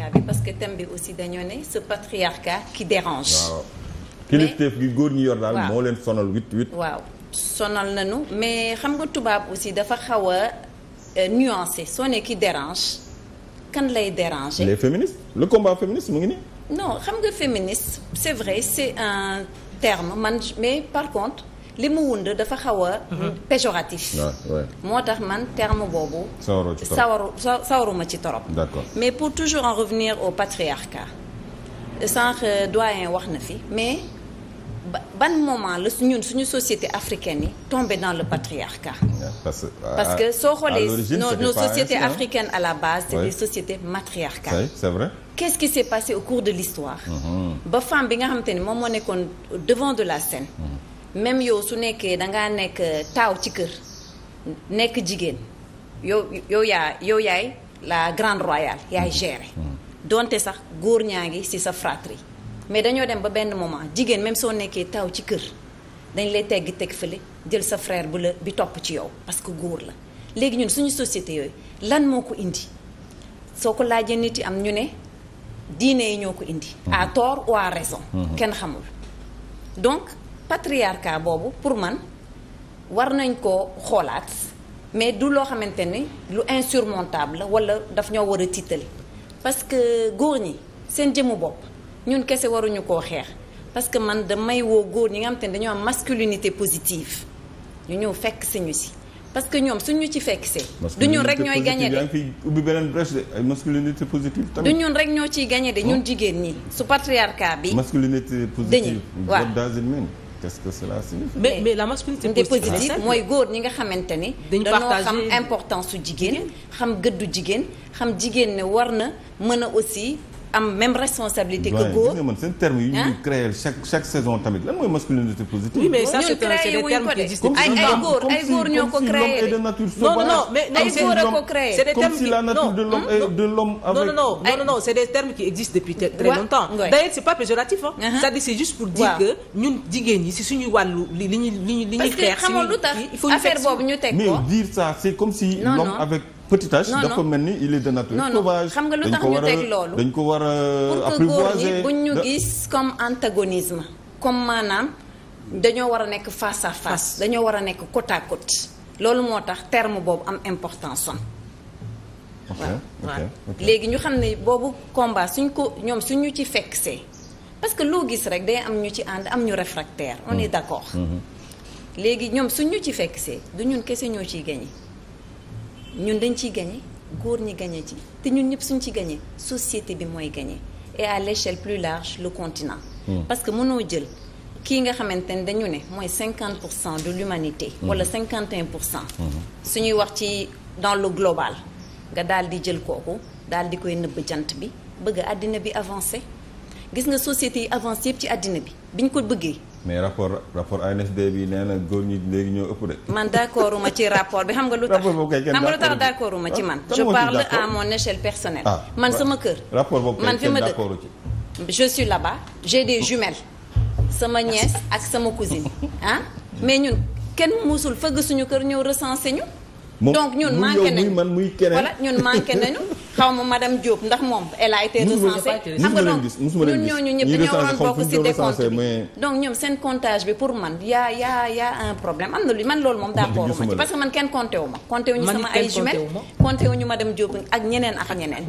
patriarcat parce que thème bi aussi dañoo ne ce patriarcat qui dérange. waaw kilifteef gi góor ñi yor daal. moo leen sonal huit huit. waaw sonal nañu mais xam nga tubaab aussi dafa xaw a euh, nuancé soo ne ki dérange kan lay déranger. les féministes le combat féministe mu ngi nii. non xam nga féministe c'est vrai c'est un terme man mais par contre. li mu wund dafa xaw a mhm. péjoratif ah, moo tax man terme boobu sawaru sawaruma ci torop mais pour toujours en revenir au patriarcat sànq euh, doyen wax na fi mais ban moment la ñun suñu société africaine yi tombé dans le patriarcat ah, parce, ah, parce que soo xoolee nos, nos sociétés à la base c'est oui. des sociétés matriarcales c'est vrai qu'est-ce qui s'est passé au cours de l'histoire mhm. ba femme bi nga xamante ni moom moo nekkoon devant de la scène mhm. même yow su nekkee dangaa nekk euh, taaw ci kër nekk jigéen yow yow yaa yow yaay la grande royale yaay gérer mm. mm. donte sax góor ñaa ngi ci sa fratrie mais dañoo dem ba benn moment jigéen même soo nekkee taaw ci kër dañ lay teggi teg fële jël sa frère bu la bi topp ci yow parce que góor la léegi ñun suñu société yooyu lan moo ko indi soo ko laajee nit yi am ñu ne diine yi ñoo ko indi mm. à tort ou à raison mm-hmm. kenn xamul donc patriarcat boobu pour man war nañ ko xoolaat mais du loo xamante ni lu insurmontable la wala daf ñoo war a tiital parce que góor ñi seen jëmu bopp ñun kese waruñu koo xeex parce que man damay woo góor ñi nga xamante ni dañoo am masculinité positive ñu ñëw fekk si ñu si parce que ñoom suñu ci fekk see. du ñun rek ñooy gagné de ubbi beneen brèche de ay masculinité rek ñoo ciy gagné de ñun jigéen ñi. su patriarcat bi. masculinité positive. dañuy waaw quest que cela signifie. mais mais la masculinité positive mooy góor ñi nga xamante ni. dañoo xam importance su jigéen. xam gëddu jigéen xam jigéen ne war na mën a aussi. am même responsabilité. que góor gis nga man seen ah? saison tamit lan mooy masculinité positive. oui mais ça c'est des termes de nature non non mais ay góor a ko créé c'est des termes qui la nature de l'homme avec non non longtemps d'ailleurs c'est pas péjoratif uh-huh. cest juste pour dire que ñun jigéen ñi si suñuy wàllu li li ñuy li si il faut ñu affaire boobu ñu teg ko mais dire ça c'est comme si l'homme avec petit H. dafa mel ni il est de nature xam nga lu tax ñu teg loolu dañ ko war a apprivoiser buñ ñu gis comme antagonisme. comme maanaam dañoo war a nekk face à face dañoo war a nekk côte à loolu moo tax terme boobu am importance son waaw léegi ñu xam ne boobu combat suñ ko ñoom suñu ci fekk see parce que loo gis rek day am ñu ci ànd am ñu réfractaire on mm. est d'accord mm-hmm. léegi ñoom ñu ci fekk see du ñun kese ñoo ciy gagné ñun dañ ciy gagné góor ñi gagné ci te ñun ñëpp suñ ci gagné société bi mooy gagné et à l'échelle plus large le continent. Hmm. parce que mënoo jël kii nga xamante ne dañu ne mooy 50 pour cent de l'humanité hmm. wala 51 pour cent. Hmm. suñuy wax ci dans le global nga daal di jël kooku daal di koy nëbb jant bi bëgg àddina bi avancé gis nga société yi avancé yëpp ci àddina bi biñ ko bëggee. mais rapport rapport ANSD bi nee na góor ñi léegi ñoo ëpp de. man d' accord uma ci rapport bi xam nga lu tax rapport boobu kay ci man. Ah, je parle à mon échelle personnelle. Ah, man sama kër. rapport boobu man fi ma dëkk je suis là-bas j'ai des jumelles sama nièce ak sama cousine ah mais ñun kenn mosul fëgg suñu kër ñëw recensé ñu. donc ñun manqué nañu muy yow muy man muy keneen voilà ñun manqué nañu. xaw ma madame Diop ndax moom elle a été recensée xam nga donc ñun ñooñu ñëpp dañoo waroon bokk ci décompte bi donc ñoom seen comptage bi pour man yaa yaa yaa un problème am na lu man loolu moom d'accord ma ci parce que man kenn compté wu sama ay jumelle compté wuñu madame Diop ak ñeneen ak ñeneen